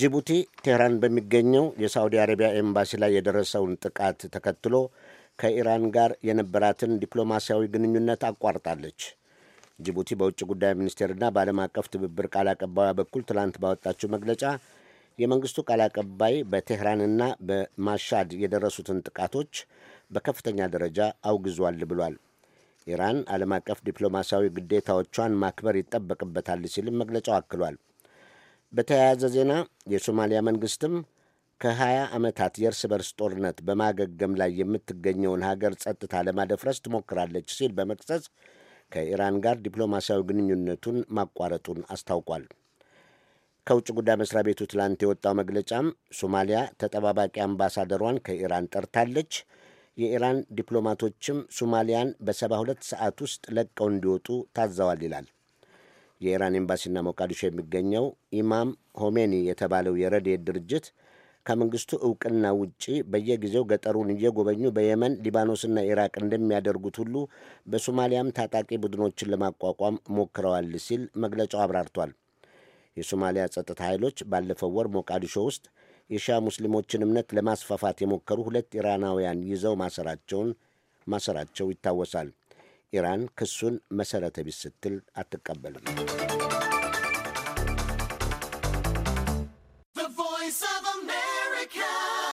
ጅቡቲ ቴህራን በሚገኘው የሳውዲ አረቢያ ኤምባሲ ላይ የደረሰውን ጥቃት ተከትሎ ከኢራን ጋር የነበራትን ዲፕሎማሲያዊ ግንኙነት አቋርጣለች። ጅቡቲ በውጭ ጉዳይ ሚኒስቴርና በዓለም አቀፍ ትብብር ቃል አቀባዩ በኩል ትላንት ባወጣችው መግለጫ የመንግስቱ ቃል አቀባይ በቴህራንና በማሻድ የደረሱትን ጥቃቶች በከፍተኛ ደረጃ አውግዟል ብሏል። ኢራን ዓለም አቀፍ ዲፕሎማሲያዊ ግዴታዎቿን ማክበር ይጠበቅበታል ሲልም መግለጫው አክሏል። በተያያዘ ዜና የሶማሊያ መንግስትም ከሀያ ዓመታት የእርስ በርስ ጦርነት በማገገም ላይ የምትገኘውን ሀገር ጸጥታ ለማደፍረስ ትሞክራለች ሲል በመቅጸጽ ከኢራን ጋር ዲፕሎማሲያዊ ግንኙነቱን ማቋረጡን አስታውቋል። ከውጭ ጉዳይ መስሪያ ቤቱ ትላንት የወጣው መግለጫም ሶማሊያ ተጠባባቂ አምባሳደሯን ከኢራን ጠርታለች፣ የኢራን ዲፕሎማቶችም ሶማሊያን በሰባ ሁለት ሰዓት ውስጥ ለቀው እንዲወጡ ታዘዋል ይላል። የኢራን ኤምባሲና ሞቃዲሾ የሚገኘው ኢማም ሆሜኒ የተባለው የረድኤት ድርጅት ከመንግስቱ እውቅና ውጪ በየጊዜው ገጠሩን እየጎበኙ በየመን ሊባኖስና ኢራቅ እንደሚያደርጉት ሁሉ በሶማሊያም ታጣቂ ቡድኖችን ለማቋቋም ሞክረዋል ሲል መግለጫው አብራርቷል። የሶማሊያ ጸጥታ ኃይሎች ባለፈው ወር ሞቃዲሾ ውስጥ የሻ ሙስሊሞችን እምነት ለማስፋፋት የሞከሩ ሁለት ኢራናውያን ይዘው ማሰራቸውን ማሰራቸው ይታወሳል። ኢራን ክሱን መሠረተ ቢስ ስትል አትቀበልም።